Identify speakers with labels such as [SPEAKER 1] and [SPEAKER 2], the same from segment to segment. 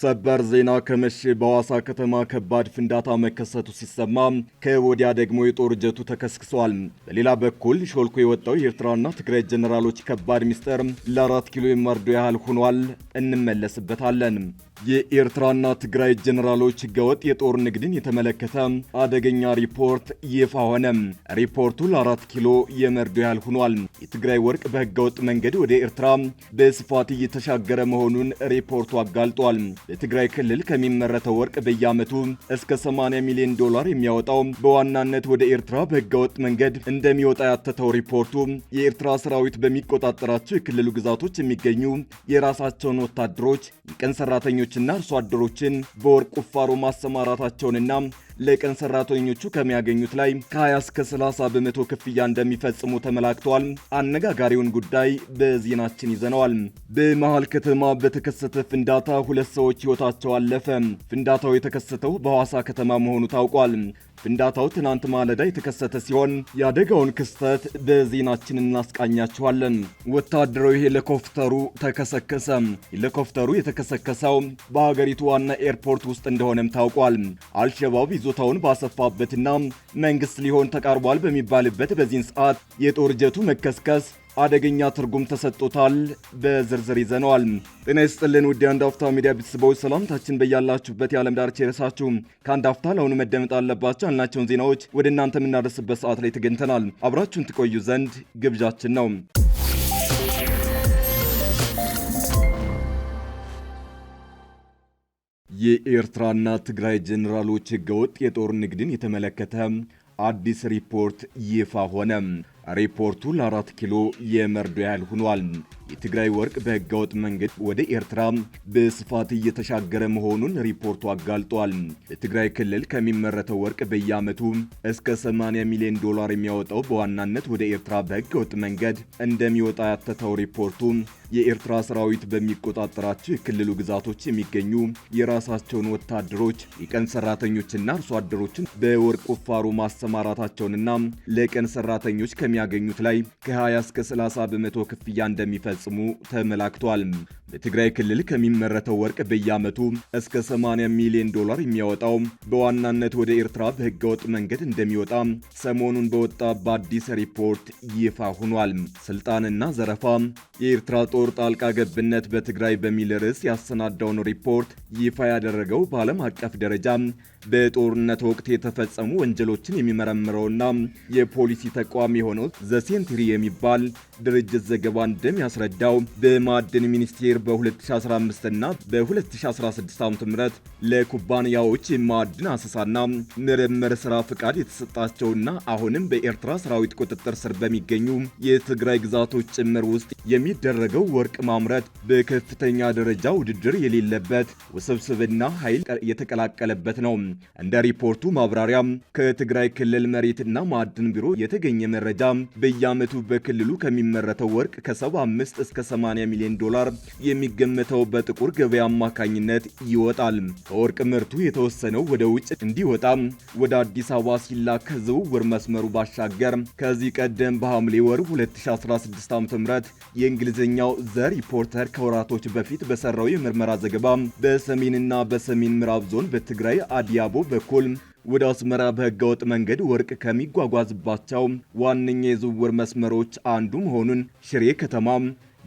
[SPEAKER 1] ሰበር ዜና ከመሸ በሐዋሳ ከተማ ከባድ ፍንዳታ መከሰቱ ሲሰማ ከወዲያ ደግሞ የጦር ጀቱ ተከስክሷል። በሌላ በኩል ሾልኮ የወጣው የኤርትራና ትግራይ ጀኔራሎች ከባድ ሚስጥር ለአራት ኪሎ የመርዶ ያህል ሆኗል። እንመለስበታለን። የኤርትራና ትግራይ ጀኔራሎች ህገወጥ የጦር ንግድን የተመለከተ አደገኛ ሪፖርት ይፋ ሆነ። ሪፖርቱ ለአራት ኪሎ የመርዶ ያህል ሆኗል። የትግራይ ወርቅ በህገወጥ መንገድ ወደ ኤርትራ በስፋት እየተሻገረ መሆኑን ሪፖርቱ አጋልጧል። ለትግራይ ክልል ከሚመረተው ወርቅ በየዓመቱ እስከ 80 ሚሊዮን ዶላር የሚያወጣው በዋናነት ወደ ኤርትራ በህገወጥ መንገድ እንደሚወጣ ያተተው ሪፖርቱ የኤርትራ ሰራዊት በሚቆጣጠራቸው የክልሉ ግዛቶች የሚገኙ የራሳቸውን ወታደሮች የቀን ሰራተኞች ገበሬዎችና አርሶ አደሮችን በወርቅ ቁፋሮ ማሰማራታቸውንና ለቀን ሰራተኞቹ ከሚያገኙት ላይ ከ20 እስከ 30 በመቶ ክፍያ እንደሚፈጽሙ ተመላክተዋል። አነጋጋሪውን ጉዳይ በዜናችን ይዘነዋል። በመሃል ከተማ በተከሰተ ፍንዳታ ሁለት ሰዎች ህይወታቸው አለፈ። ፍንዳታው የተከሰተው በሐዋሳ ከተማ መሆኑ ታውቋል። ፍንዳታው ትናንት ማለዳ የተከሰተ ሲሆን የአደጋውን ክስተት በዜናችን እናስቃኛችኋለን። ወታደራዊ ሄሊኮፕተሩ ተከሰከሰ። ሄሊኮፕተሩ የተከሰከሰው በሀገሪቱ ዋና ኤርፖርት ውስጥ እንደሆነም ታውቋል። አልሸባብ ይዞ ይዞታውን ባሰፋበትና መንግስት ሊሆን ተቃርቧል በሚባልበት በዚህን ሰዓት የጦር ጀቱ መከስከስ አደገኛ ትርጉም ተሰጥቶታል። በዝርዝር ይዘነዋል። ጤና ይስጥልን ውድ የአንድ አፍታ ሚዲያ ቤተሰቦች፣ ሰላምታችን በያላችሁበት የዓለም ዳርቻ የረሳችሁ ከአንድ አፍታ ለአሁኑ መደመጥ አለባቸው ያልናቸውን ዜናዎች ወደ እናንተ የምናደርስበት ሰዓት ላይ ተገኝተናል። አብራችሁን ትቆዩ ዘንድ ግብዣችን ነው። የኤርትራና ትግራይ ጄኔራሎች ህገወጥ የጦር ንግድን የተመለከተ አዲስ ሪፖርት ይፋ ሆነ። ሪፖርቱ ለአራት ኪሎ የመርዶ ያህል ሆኗል። የትግራይ ወርቅ በህገወጥ መንገድ ወደ ኤርትራ በስፋት እየተሻገረ መሆኑን ሪፖርቱ አጋልጧል። በትግራይ ክልል ከሚመረተው ወርቅ በየዓመቱ እስከ 80 ሚሊዮን ዶላር የሚያወጣው በዋናነት ወደ ኤርትራ በህገወጥ መንገድ እንደሚወጣ ያተተው ሪፖርቱ የኤርትራ ሰራዊት በሚቆጣጠራቸው የክልሉ ግዛቶች የሚገኙ የራሳቸውን ወታደሮች የቀን ሰራተኞችና አርሶ አደሮችን በወርቅ ቁፋሮ ማሰማራታቸውንና ለቀን ሰራተኞች ከሚያገኙት ላይ ከ20 እስከ 30 በመቶ ክፍያ እንደሚፈ እንደሚፈጽሙ ተመላክቷል። በትግራይ ክልል ከሚመረተው ወርቅ በየዓመቱ እስከ 80 ሚሊዮን ዶላር የሚያወጣው በዋናነት ወደ ኤርትራ በህገወጥ መንገድ እንደሚወጣ ሰሞኑን በወጣ በአዲስ ሪፖርት ይፋ ሆኗል። ስልጣንና ዘረፋ የኤርትራ ጦር ጣልቃ ገብነት በትግራይ በሚል ርዕስ ያሰናዳውን ሪፖርት ይፋ ያደረገው በዓለም አቀፍ ደረጃ በጦርነት ወቅት የተፈጸሙ ወንጀሎችን የሚመረምረውና የፖሊሲ ተቋም የሆነው ዘሴንትሪ የሚባል ድርጅት ዘገባ እንደሚያስረ ረዳው በማዕድን ሚኒስቴር በ2015 እና በ2016 ዓ.ም ለኩባንያዎች የማዕድን አሰሳና ምርምር ስራ ፍቃድ የተሰጣቸውና አሁንም በኤርትራ ሰራዊት ቁጥጥር ስር በሚገኙ የትግራይ ግዛቶች ጭምር ውስጥ የሚደረገው ወርቅ ማምረት በከፍተኛ ደረጃ ውድድር የሌለበት ውስብስብና ኃይል የተቀላቀለበት ነው። እንደ ሪፖርቱ ማብራሪያ ከትግራይ ክልል መሬትና ማዕድን ቢሮ የተገኘ መረጃ በየዓመቱ በክልሉ ከሚመረተው ወርቅ ከ75 እስከ 80 ሚሊዮን ዶላር የሚገመተው በጥቁር ገበያ አማካኝነት ይወጣል። ከወርቅ ምርቱ የተወሰነው ወደ ውጭ እንዲወጣ ወደ አዲስ አበባ ሲላክ ከዝውውር መስመሩ ባሻገር ከዚህ ቀደም በሐምሌ ወር 2016 ዓ.ም የእንግሊዝኛው ዘ ሪፖርተር ከወራቶች በፊት በሰራው የምርመራ ዘገባ በሰሜንና በሰሜን ምዕራብ ዞን በትግራይ አዲያቦ በኩል ወደ አስመራ በህገወጥ መንገድ ወርቅ ከሚጓጓዝባቸው ዋነኛ የዝውውር መስመሮች አንዱ መሆኑን ሽሬ ከተማ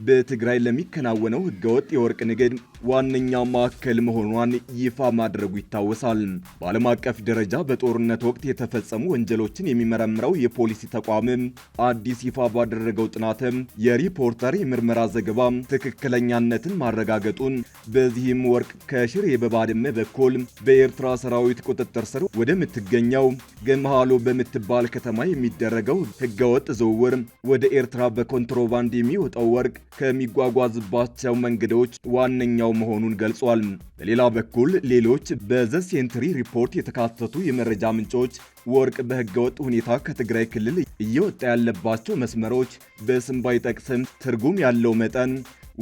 [SPEAKER 1] በትግራይ ለሚከናወነው ህገወጥ የወርቅ ንግድ ዋነኛ ማዕከል መሆኗን ይፋ ማድረጉ ይታወሳል። በዓለም አቀፍ ደረጃ በጦርነት ወቅት የተፈጸሙ ወንጀሎችን የሚመረምረው የፖሊሲ ተቋም አዲስ ይፋ ባደረገው ጥናትም የሪፖርተር የምርመራ ዘገባ ትክክለኛነትን ማረጋገጡን በዚህም ወርቅ ከሽሬ በባድመ በኩል በኤርትራ ሰራዊት ቁጥጥር ስር ወደምትገኘው ገመሃሎ በምትባል ከተማ የሚደረገው ህገወጥ ዝውውር ወደ ኤርትራ በኮንትሮባንድ የሚወጣው ወርቅ ከሚጓጓዝባቸው መንገዶች ዋነኛው ሌላው መሆኑን ገልጿል። በሌላ በኩል ሌሎች በዘሴንትሪ ሪፖርት የተካተቱ የመረጃ ምንጮች ወርቅ በህገወጥ ሁኔታ ከትግራይ ክልል እየወጣ ያለባቸው መስመሮች በስም ባይጠቅስም ትርጉም ያለው መጠን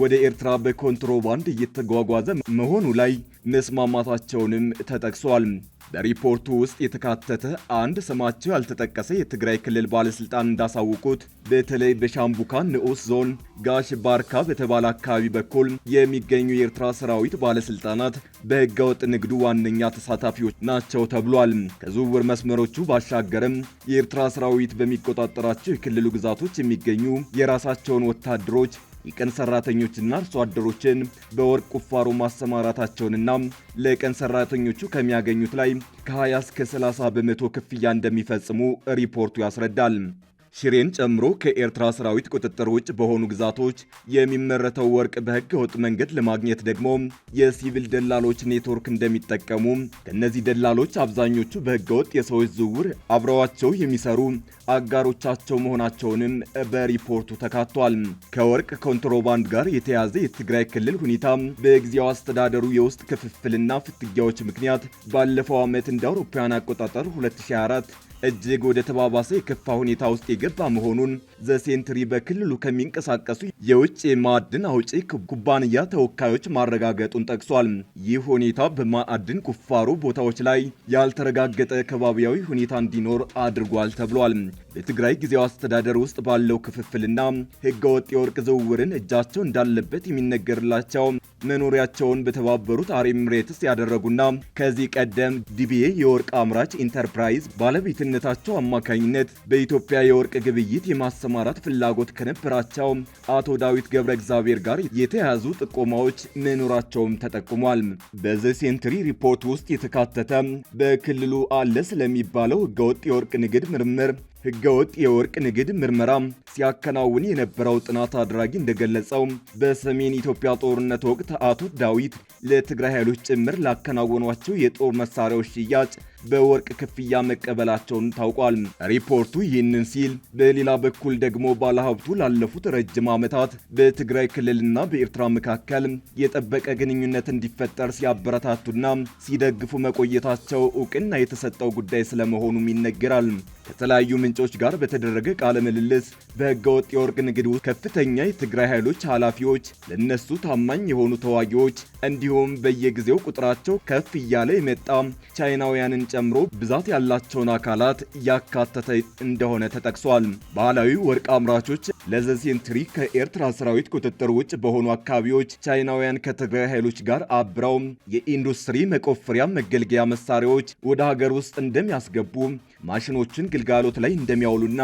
[SPEAKER 1] ወደ ኤርትራ በኮንትሮባንድ እየተጓጓዘ መሆኑ ላይ መስማማታቸውንም ተጠቅሷል። በሪፖርቱ ውስጥ የተካተተ አንድ ስማቸው ያልተጠቀሰ የትግራይ ክልል ባለስልጣን እንዳሳውቁት በተለይ በሻምቡካ ንዑስ ዞን ጋሽ ባርካ በተባለ አካባቢ በኩል የሚገኙ የኤርትራ ሰራዊት ባለስልጣናት በህገወጥ ንግዱ ዋነኛ ተሳታፊዎች ናቸው ተብሏል። ከዝውውር መስመሮቹ ባሻገርም የኤርትራ ሰራዊት በሚቆጣጠራቸው የክልሉ ግዛቶች የሚገኙ የራሳቸውን ወታደሮች የቀን ሰራተኞችና አርሶ አደሮችን በወርቅ ቁፋሮ ማሰማራታቸውንና ለቀን ሰራተኞቹ ከሚያገኙት ላይ ከ20 እስከ 30 በመቶ ክፍያ እንደሚፈጽሙ ሪፖርቱ ያስረዳል። ሽሬን ጨምሮ ከኤርትራ ሰራዊት ቁጥጥር ውጭ በሆኑ ግዛቶች የሚመረተው ወርቅ በህገ ወጥ መንገድ ለማግኘት ደግሞ የሲቪል ደላሎች ኔትወርክ እንደሚጠቀሙ፣ ከእነዚህ ደላሎች አብዛኞቹ በህገ ወጥ የሰዎች ዝውውር አብረዋቸው የሚሰሩ አጋሮቻቸው መሆናቸውንም በሪፖርቱ ተካቷል። ከወርቅ ኮንትሮባንድ ጋር የተያዘ የትግራይ ክልል ሁኔታ በጊዜያዊ አስተዳደሩ የውስጥ ክፍፍልና ፍትጊያዎች ምክንያት ባለፈው ዓመት እንደ አውሮፓውያን አቆጣጠር 2024 እጅግ ወደ ተባባሰ የከፋ ሁኔታ ውስጥ የገባ መሆኑን ዘሴንትሪ በክልሉ ከሚንቀሳቀሱ የውጭ የማዕድን አውጪ ኩባንያ ተወካዮች ማረጋገጡን ጠቅሷል። ይህ ሁኔታ በማዕድን ቁፋሮ ቦታዎች ላይ ያልተረጋገጠ ከባቢያዊ ሁኔታ እንዲኖር አድርጓል ተብሏል። በትግራይ ጊዜያዊ አስተዳደር ውስጥ ባለው ክፍፍልና ህገወጥ የወርቅ ዝውውርን እጃቸው እንዳለበት የሚነገርላቸው መኖሪያቸውን በተባበሩት አረብ ኤሚሬትስ ያደረጉና ከዚህ ቀደም ዲቢኤ የወርቅ አምራች ኢንተርፕራይዝ ባለቤትነታቸው አማካኝነት በኢትዮጵያ የወርቅ ግብይት የማሰማራት ፍላጎት ከነበራቸው አቶ ዳዊት ገብረ እግዚአብሔር ጋር የተያያዙ ጥቆማዎች መኖራቸውም ተጠቁሟል። በዘ ሴንትሪ ሪፖርት ውስጥ የተካተተ በክልሉ አለ ስለሚባለው ህገወጥ የወርቅ ንግድ ምርምር ህገወጥ የወርቅ ንግድ ምርመራ ሲያከናውን የነበረው ጥናት አድራጊ እንደገለጸው በሰሜን ኢትዮጵያ ጦርነት ወቅት አቶ ዳዊት ለትግራይ ኃይሎች ጭምር ላከናወኗቸው የጦር መሳሪያዎች ሽያጭ በወርቅ ክፍያ መቀበላቸውን ታውቋል። ሪፖርቱ ይህንን ሲል፣ በሌላ በኩል ደግሞ ባለሀብቱ ላለፉት ረጅም ዓመታት በትግራይ ክልልና በኤርትራ መካከል የጠበቀ ግንኙነት እንዲፈጠር ሲያበረታቱና ሲደግፉ መቆየታቸው እውቅና የተሰጠው ጉዳይ ስለመሆኑም ይነገራል። ከተለያዩ ምንጮች ጋር በተደረገ ቃለ ምልልስ በህገወጥ የወርቅ ንግድ ውስጥ ከፍተኛ የትግራይ ኃይሎች ኃላፊዎች፣ ለነሱ ታማኝ የሆኑ ተዋጊዎች እንዲሁም በየጊዜው ቁጥራቸው ከፍ እያለ የመጣ ቻይናውያንን ጨምሮ ብዛት ያላቸውን አካላት ያካተተ እንደሆነ ተጠቅሷል። ባህላዊ ወርቅ አምራቾች ለዘሴንትሪ ከኤርትራ ሰራዊት ቁጥጥር ውጭ በሆኑ አካባቢዎች ቻይናውያን ከትግራይ ኃይሎች ጋር አብረው የኢንዱስትሪ መቆፈሪያ መገልገያ መሳሪያዎች ወደ ሀገር ውስጥ እንደሚያስገቡ ማሽኖችን ግልጋሎት ላይ እንደሚያውሉና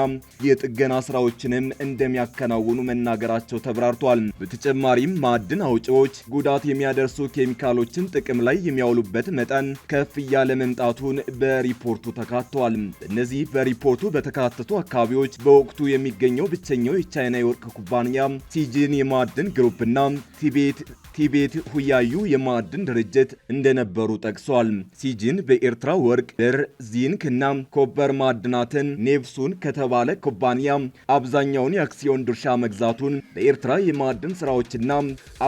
[SPEAKER 1] የጥገና ስራዎችንም እንደሚያከናውኑ መናገራቸው ተብራርቷል። በተጨማሪም ማዕድን አውጪዎች ጉዳት የሚያደርሱ ኬሚካሎችን ጥቅም ላይ የሚያውሉበት መጠን ከፍ እያለ መምጣቱን በሪፖርቱ ተካቷል። በእነዚህ በሪፖርቱ በተካተቱ አካባቢዎች በወቅቱ የሚገኘው ብቸኛው የቻይና የወርቅ ኩባንያ ሲጂን የማዕድን ግሩፕና ቲቤት ቲቤት ሁያዩ የማዕድን ድርጅት እንደነበሩ ጠቅሷል። ሲጂን በኤርትራ ወርቅ፣ ብር፣ ዚንክ እና ኮበር ማዕድናትን ኔፍሱን ከተባለ ኩባንያ አብዛኛውን የአክሲዮን ድርሻ መግዛቱን በኤርትራ የማዕድን ስራዎችና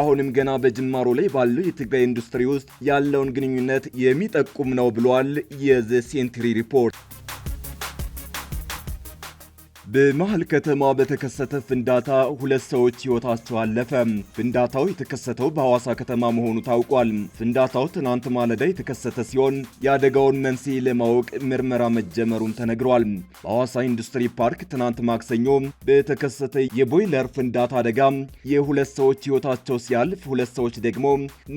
[SPEAKER 1] አሁንም ገና በጅማሮ ላይ ባለው የትግራይ ኢንዱስትሪ ውስጥ ያለውን ግንኙነት የሚጠቁም ነው ብሏል። የዘ ሴንትሪ ሪፖርት በመሃል ከተማ በተከሰተ ፍንዳታ ሁለት ሰዎች ሕይወታቸው አለፈ። ፍንዳታው የተከሰተው በሐዋሳ ከተማ መሆኑ ታውቋል። ፍንዳታው ትናንት ማለዳ የተከሰተ ሲሆን የአደጋውን መንስኤ ለማወቅ ምርመራ መጀመሩም ተነግሯል። በሐዋሳ ኢንዱስትሪ ፓርክ ትናንት ማክሰኞ በተከሰተ የቦይለር ፍንዳታ አደጋ የሁለት ሰዎች ሕይወታቸው ሲያልፍ፣ ሁለት ሰዎች ደግሞ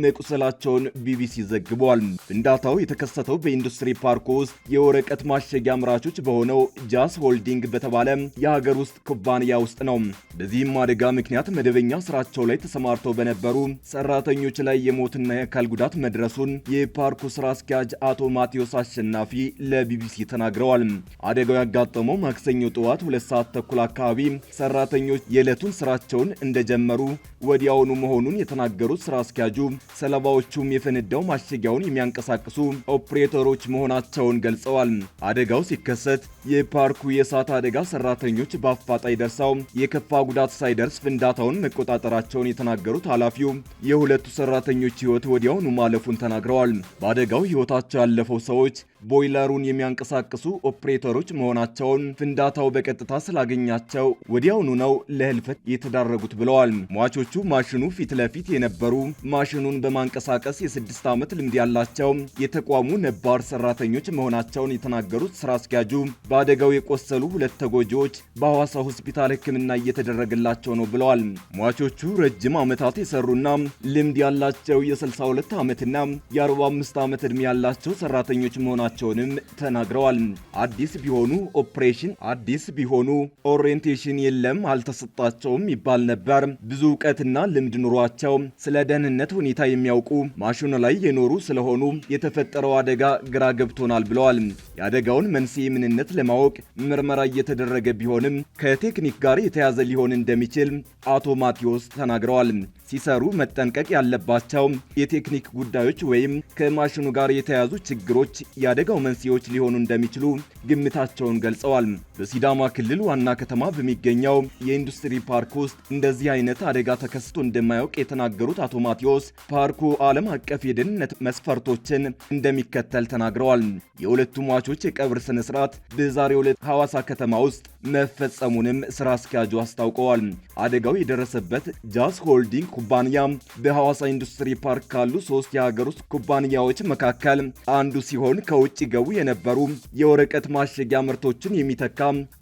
[SPEAKER 1] መቁሰላቸውን ቢቢሲ ዘግቧል። ፍንዳታው የተከሰተው በኢንዱስትሪ ፓርክ ውስጥ የወረቀት ማሸጊያ አምራቾች በሆነው ጃስ ሆልዲንግ በተባለ የሀገር ውስጥ ኩባንያ ውስጥ ነው። በዚህም አደጋ ምክንያት መደበኛ ስራቸው ላይ ተሰማርተው በነበሩ ሰራተኞች ላይ የሞትና የአካል ጉዳት መድረሱን የፓርኩ ስራ አስኪያጅ አቶ ማቴዎስ አሸናፊ ለቢቢሲ ተናግረዋል። አደጋው ያጋጠመው ማክሰኞ ጠዋት ሁለት ሰዓት ተኩል አካባቢ ሰራተኞች የዕለቱን ስራቸውን እንደጀመሩ ወዲያውኑ መሆኑን የተናገሩት ስራ አስኪያጁ ሰለባዎቹም የፈነዳው ማሸጊያውን የሚያንቀሳቅሱ ኦፕሬተሮች መሆናቸውን ገልጸዋል። አደጋው ሲከሰት የፓርኩ የእሳት አደጋ ሰራ ሰራተኞች በአፋጣኝ ደርሰው የከፋ ጉዳት ሳይደርስ ፍንዳታውን መቆጣጠራቸውን የተናገሩት ኃላፊው የሁለቱ ሰራተኞች ሕይወት ወዲያውኑ ማለፉን ተናግረዋል። በአደጋው ሕይወታቸው ያለፈው ሰዎች ቦይለሩን የሚያንቀሳቅሱ ኦፕሬተሮች መሆናቸውን ፍንዳታው በቀጥታ ስላገኛቸው ወዲያውኑ ነው ለህልፈት የተዳረጉት ብለዋል። ሟቾቹ ማሽኑ ፊት ለፊት የነበሩ ማሽኑን በማንቀሳቀስ የስድስት ዓመት ልምድ ያላቸው የተቋሙ ነባር ሰራተኞች መሆናቸውን የተናገሩት ስራ አስኪያጁ በአደጋው የቆሰሉ ሁለት ተጎጂዎች በሐዋሳ ሆስፒታል ሕክምና እየተደረገላቸው ነው ብለዋል። ሟቾቹ ረጅም ዓመታት የሰሩና ልምድ ያላቸው የ62 ዓመትና የ45 ዓመት ዕድሜ ያላቸው ሰራተኞች መሆናቸው መሆናቸውንም ተናግረዋል። አዲስ ቢሆኑ ኦፕሬሽን አዲስ ቢሆኑ ኦሪየንቴሽን የለም አልተሰጣቸውም ይባል ነበር። ብዙ እውቀትና ልምድ ኑሯቸው ስለ ደህንነት ሁኔታ የሚያውቁ ማሽኑ ላይ የኖሩ ስለሆኑ የተፈጠረው አደጋ ግራ ገብቶናል ብለዋል። የአደጋውን መንስኤ ምንነት ለማወቅ ምርመራ እየተደረገ ቢሆንም ከቴክኒክ ጋር የተያዘ ሊሆን እንደሚችል አቶ ማቴዎስ ተናግረዋል። ሲሰሩ መጠንቀቅ ያለባቸው የቴክኒክ ጉዳዮች ወይም ከማሽኑ ጋር የተያዙ ችግሮች ያደ የአደጋው መንስኤዎች ሊሆኑ እንደሚችሉ ግምታቸውን ገልጸዋል። በሲዳማ ክልል ዋና ከተማ በሚገኘው የኢንዱስትሪ ፓርክ ውስጥ እንደዚህ አይነት አደጋ ተከስቶ እንደማያውቅ የተናገሩት አቶ ማቴዎስ ፓርኩ ዓለም አቀፍ የደህንነት መስፈርቶችን እንደሚከተል ተናግረዋል። የሁለቱ ሟቾች የቀብር ስነ ስርዓት በዛሬው ዕለት ሐዋሳ ከተማ ውስጥ መፈጸሙንም ስራ አስኪያጁ አስታውቀዋል። አደጋው የደረሰበት ጃዝ ሆልዲንግ ኩባንያ በሐዋሳ ኢንዱስትሪ ፓርክ ካሉ ሶስት የሀገር ውስጥ ኩባንያዎች መካከል አንዱ ሲሆን ከውጭ ከውጭ ገቡ የነበሩ የወረቀት ማሸጊያ ምርቶችን የሚተካ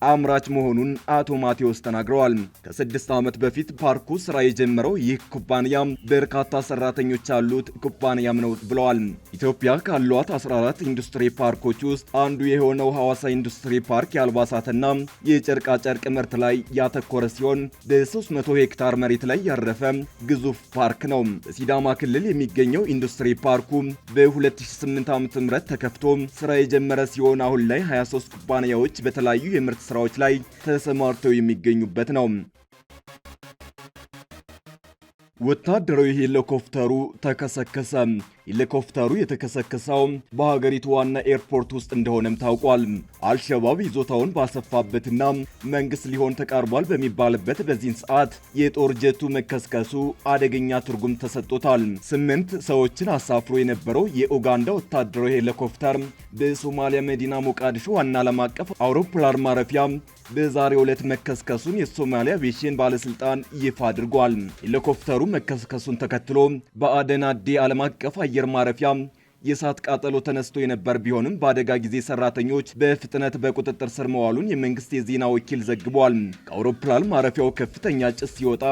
[SPEAKER 1] አምራች መሆኑን አቶ ማቴዎስ ተናግረዋል። ከስድስት ዓመት በፊት ፓርኩ ስራ የጀመረው ይህ ኩባንያ በርካታ ሰራተኞች ያሉት ኩባንያም ነው ብለዋል። ኢትዮጵያ ካሏት 14 ኢንዱስትሪ ፓርኮች ውስጥ አንዱ የሆነው ሐዋሳ ኢንዱስትሪ ፓርክ የአልባሳትና የጨርቃጨርቅ ምርት ላይ ያተኮረ ሲሆን በ300 ሄክታር መሬት ላይ ያረፈ ግዙፍ ፓርክ ነው። በሲዳማ ክልል የሚገኘው ኢንዱስትሪ ፓርኩ በ2008 ዓ.ም ተከፍቶ ስራ የጀመረ ሲሆን አሁን ላይ 23 ኩባንያዎች በተለያዩ የምርት ስራዎች ላይ ተሰማርተው የሚገኙበት ነው። ወታደራዊ ሄሊኮፕተሩ ተከሰከሰ። ሄሊኮፕተሩ የተከሰከሰው በሀገሪቱ ዋና ኤርፖርት ውስጥ እንደሆነም ታውቋል። አልሸባብ ይዞታውን ባሰፋበትና መንግስት ሊሆን ተቃርቧል በሚባልበት በዚህን ሰዓት የጦር ጀቱ መከስከሱ አደገኛ ትርጉም ተሰጥቶታል። ስምንት ሰዎችን አሳፍሮ የነበረው የኡጋንዳ ወታደራዊ ሄሊኮፕተር በሶማሊያ መዲና ሞቃዲሾ ዋና ዓለም አቀፍ አውሮፕላን ማረፊያ በዛሬው ዕለት መከስከሱን የሶማሊያ ቪሽን ባለስልጣን ይፋ አድርጓል። ሄሊኮፕተሩ መከስከሱን ተከትሎ በአደን ዓለም አቀፍ አየር ማረፊያ የእሳት ቃጠሎ ተነስቶ የነበር ቢሆንም በአደጋ ጊዜ ሰራተኞች በፍጥነት በቁጥጥር ስር መዋሉን የመንግስት የዜና ወኪል ዘግቧል። ከአውሮፕላን ማረፊያው ከፍተኛ ጭስ ሲወጣ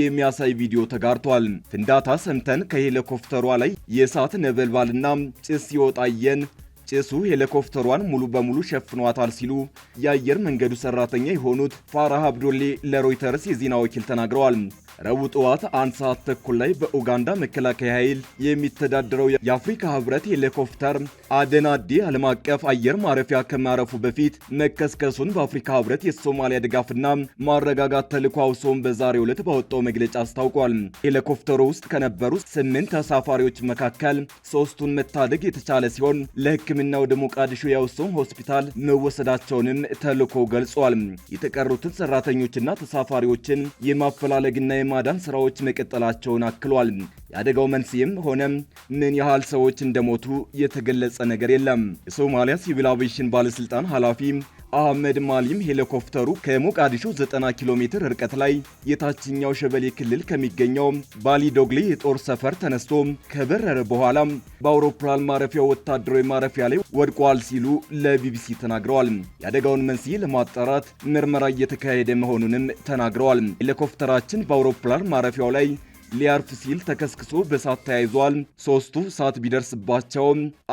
[SPEAKER 1] የሚያሳይ ቪዲዮ ተጋርቷል። ፍንዳታ ሰምተን ከሄሊኮፕተሯ ላይ የእሳት ነበልባልና ጭስ ሲወጣየን ጭሱ ሄሊኮፕተሯን ሙሉ በሙሉ ሸፍኗታል ሲሉ የአየር መንገዱ ሰራተኛ የሆኑት ፋራህ አብዶሌ ለሮይተርስ የዜና ወኪል ተናግረዋል። ረቡዕ ጠዋት አንድ ሰዓት ተኩል ላይ በኡጋንዳ መከላከያ ኃይል የሚተዳደረው የአፍሪካ ህብረት ሄሊኮፕተር አደናዲ ዓለም አቀፍ አየር ማረፊያ ከማረፉ በፊት መከስከሱን በአፍሪካ ህብረት የሶማሊያ ድጋፍና ማረጋጋት ተልዕኮ አውሶም በዛሬው ዕለት ባወጣው መግለጫ አስታውቋል። ሄሊኮፕተሩ ውስጥ ከነበሩ ስምንት ተሳፋሪዎች መካከል ሶስቱን መታደግ የተቻለ ሲሆን ለሕክምና ወደ ሞቃዲሾ የአውሶም ሆስፒታል መወሰዳቸውንም ተልዕኮ ገልጿል። የተቀሩትን ሰራተኞችና ተሳፋሪዎችን የማፈላለግና የማዳን ስራዎች መቀጠላቸውን አክሏል። የአደጋው መንስኤም ሆነ ምን ያህል ሰዎች እንደሞቱ የተገለጸ ነገር የለም። የሶማሊያ ሲቪል አቪዬሽን ባለስልጣን ኃላፊ አህመድ ማሊም ሄሊኮፕተሩ ከሞቃዲሾ 90 ኪሎ ሜትር ርቀት ላይ የታችኛው ሸበሌ ክልል ከሚገኘው ባሊ ዶግሌ የጦር ሰፈር ተነስቶ ከበረረ በኋላ በአውሮፕላን ማረፊያው ወታደራዊ ማረፊያ ላይ ወድቋል ሲሉ ለቢቢሲ ተናግረዋል። የአደጋውን መንስኤ ለማጣራት ምርመራ እየተካሄደ መሆኑንም ተናግረዋል። ሄሊኮፕተራችን በአውሮፕላን ማረፊያው ላይ ሊያርፍ ሲል ተከስክሶ በእሳት ተያይዟል። ሶስቱ እሳት ቢደርስባቸው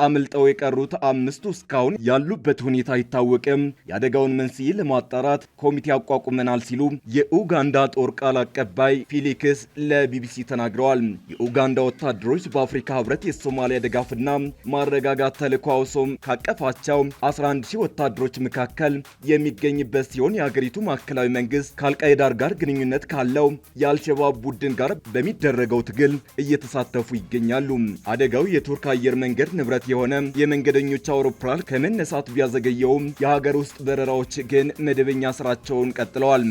[SPEAKER 1] አምልጠው የቀሩት አምስቱ እስካሁን ያሉበት ሁኔታ አይታወቅም። የአደጋውን መንስኤ ለማጣራት ኮሚቴ አቋቁመናል ሲሉ የኡጋንዳ ጦር ቃል አቀባይ ፊሊክስ ለቢቢሲ ተናግረዋል። የኡጋንዳ ወታደሮች በአፍሪካ ህብረት የሶማሊያ ድጋፍና ማረጋጋት ተልዕኮ አውሶም ካቀፋቸው 11 ሺህ ወታደሮች መካከል የሚገኝበት ሲሆን የሀገሪቱ ማዕከላዊ መንግስት ከአልቃይዳር ጋር ግንኙነት ካለው የአልሸባብ ቡድን ጋር በሚ በሚደረገው ትግል እየተሳተፉ ይገኛሉ። አደጋው የቱርክ አየር መንገድ ንብረት የሆነ የመንገደኞች አውሮፕላን ከመነሳት ቢያዘገየውም የሀገር ውስጥ በረራዎች ግን መደበኛ ስራቸውን ቀጥለዋል።